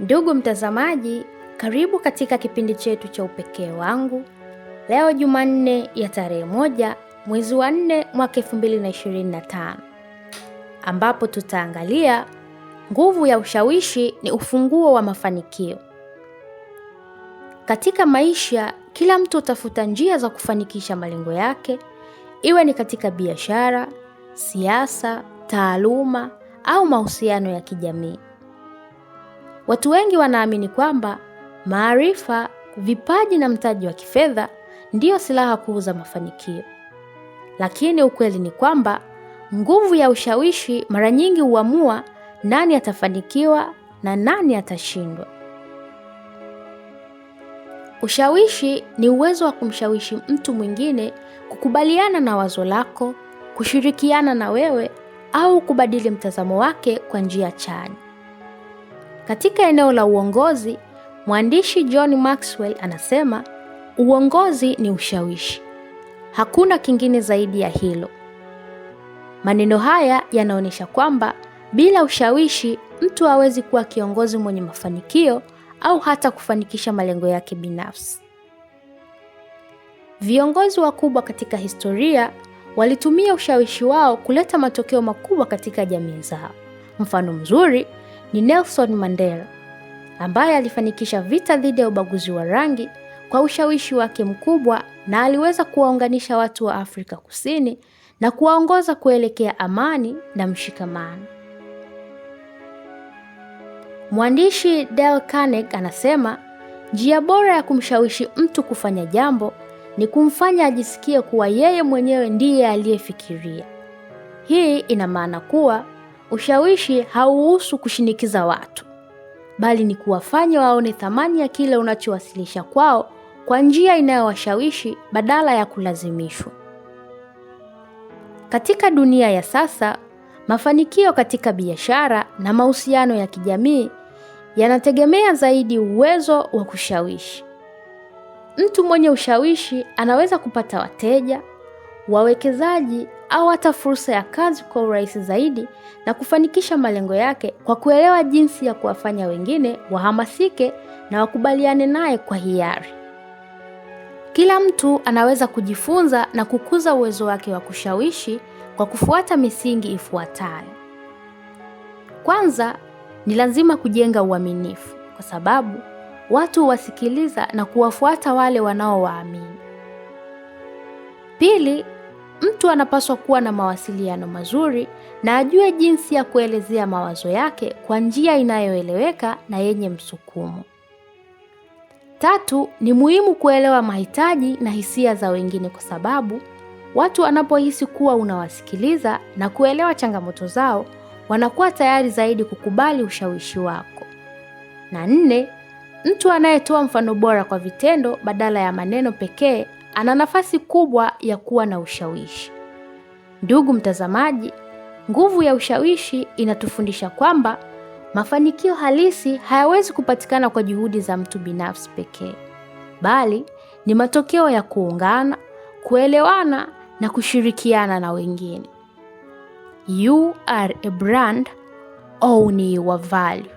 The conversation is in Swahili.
Ndugu mtazamaji, karibu katika kipindi chetu cha Upekee wangu leo Jumanne ya tarehe moja mwezi wa nne mwaka tano ambapo tutaangalia nguvu ya ushawishi ni ufunguo wa mafanikio. Katika maisha, kila mtu utafuta njia za kufanikisha malengo yake, iwe ni katika biashara, siasa, taaluma au mahusiano ya kijamii. Watu wengi wanaamini kwamba maarifa, vipaji na mtaji wa kifedha ndiyo silaha kuu za mafanikio, lakini ukweli ni kwamba nguvu ya ushawishi mara nyingi huamua nani atafanikiwa na nani atashindwa. Ushawishi ni uwezo wa kumshawishi mtu mwingine kukubaliana na wazo lako, kushirikiana na wewe au kubadili mtazamo wake kwa njia chanya. Katika eneo la uongozi, mwandishi John Maxwell anasema uongozi ni ushawishi, hakuna kingine zaidi ya hilo. Maneno haya yanaonyesha kwamba bila ushawishi mtu hawezi kuwa kiongozi mwenye mafanikio au hata kufanikisha malengo yake binafsi. Viongozi wakubwa katika historia walitumia ushawishi wao kuleta matokeo makubwa katika jamii zao. Mfano mzuri ni Nelson Mandela ambaye alifanikisha vita dhidi ya ubaguzi wa rangi kwa ushawishi wake mkubwa na aliweza kuwaunganisha watu wa Afrika Kusini na kuwaongoza kuelekea amani na mshikamano. Mwandishi Dale Carnegie anasema, njia bora ya kumshawishi mtu kufanya jambo ni kumfanya ajisikie kuwa yeye mwenyewe ndiye aliyefikiria. Hii ina maana kuwa Ushawishi hauhusu kushinikiza watu, bali ni kuwafanya waone thamani ya kile unachowasilisha kwao kwa njia inayowashawishi badala ya kulazimishwa. Katika dunia ya sasa, mafanikio katika biashara na mahusiano ya kijamii yanategemea zaidi uwezo wa kushawishi. Mtu mwenye ushawishi anaweza kupata wateja, wawekezaji au hata fursa ya kazi kwa urahisi zaidi na kufanikisha malengo yake kwa kuelewa jinsi ya kuwafanya wengine wahamasike na wakubaliane naye kwa hiari. Kila mtu anaweza kujifunza na kukuza uwezo wake wa kushawishi kwa kufuata misingi ifuatayo. Kwanza, ni lazima kujenga uaminifu kwa sababu watu huwasikiliza na kuwafuata wale wanaowaamini. Pili, Mtu anapaswa kuwa na mawasiliano mazuri na ajue jinsi ya kuelezea mawazo yake kwa njia inayoeleweka na yenye msukumo. Tatu, ni muhimu kuelewa mahitaji na hisia za wengine kwa sababu watu wanapohisi kuwa unawasikiliza na kuelewa changamoto zao, wanakuwa tayari zaidi kukubali ushawishi wako. Na nne, mtu anayetoa mfano bora kwa vitendo badala ya maneno pekee ana nafasi kubwa ya kuwa na ushawishi. Ndugu mtazamaji, nguvu ya ushawishi inatufundisha kwamba mafanikio halisi hayawezi kupatikana kwa juhudi za mtu binafsi pekee, bali ni matokeo ya kuungana, kuelewana na kushirikiana na wengine. You are a brand, own your value.